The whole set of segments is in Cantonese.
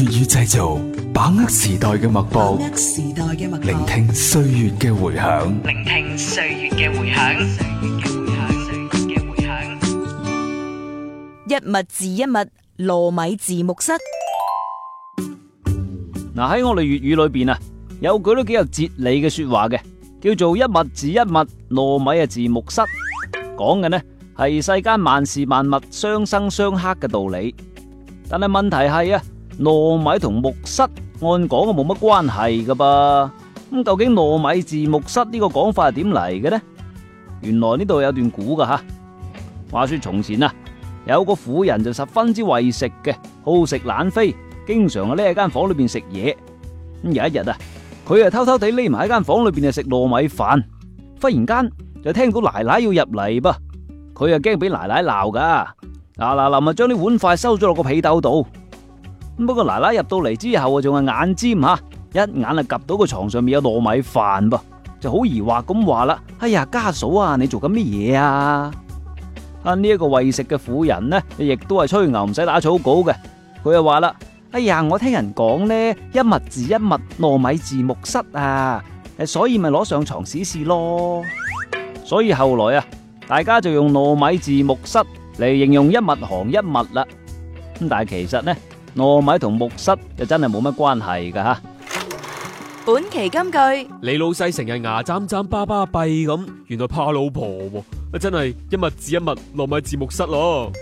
粵語製造，把握時代嘅脈搏，把握時代嘅脈搏，聆聽歲月嘅回響，聆聽歲月嘅回響，歲月嘅回響，歲月嘅回響。一物治一物，糯米治木虱。嗱，喺、啊、我哋粵語裏邊啊，有句都幾有哲理嘅說話嘅，叫做一物治一物，糯米啊治木虱」。講嘅呢，係世間萬事萬物相生相克嘅道理，但係問題係啊。糯米同木虱按講嘅冇乜關係㗎噃？咁究竟糯米治木虱呢個講法係點嚟嘅呢？原來呢度有段古㗎吓。話說從前啊，有個婦人就十分之為食嘅，好食懶飛，經常啊匿喺間房裏邊食嘢。咁有一日啊，佢啊偷偷地匿埋喺間房裏邊啊食糯米飯，忽然間就聽到奶奶要入嚟噃，佢啊驚俾奶奶鬧噶，嗱嗱臨啊將啲碗筷收咗落個被竇度。不過奶奶入到嚟之後啊，仲係眼尖吓，一眼就及到個床上面有糯米飯噃，就好疑惑咁話啦。哎呀，家嫂啊，你做緊乜嘢啊？啊，呢、這、一個喂食嘅婦人呢，亦都係吹牛唔使打草稿嘅。佢又話啦：哎呀，我聽人講呢，一物治一物，糯米治木虱啊，所以咪攞上床試試咯。所以後來啊，大家就用糯米治木虱嚟形容一物行一物啦。咁但係其實呢，糯米同木虱又真係冇乜關係噶吓，本期金句，李老細成日牙斬斬巴巴閉咁，原來怕老婆喎、啊，真係一物治一物，糯米治木虱咯。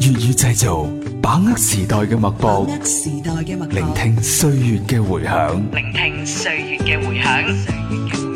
粵語製造，把握時代嘅脈搏，把握時代嘅脈搏，聆聽歲月嘅回響，聆聽歲月嘅回響。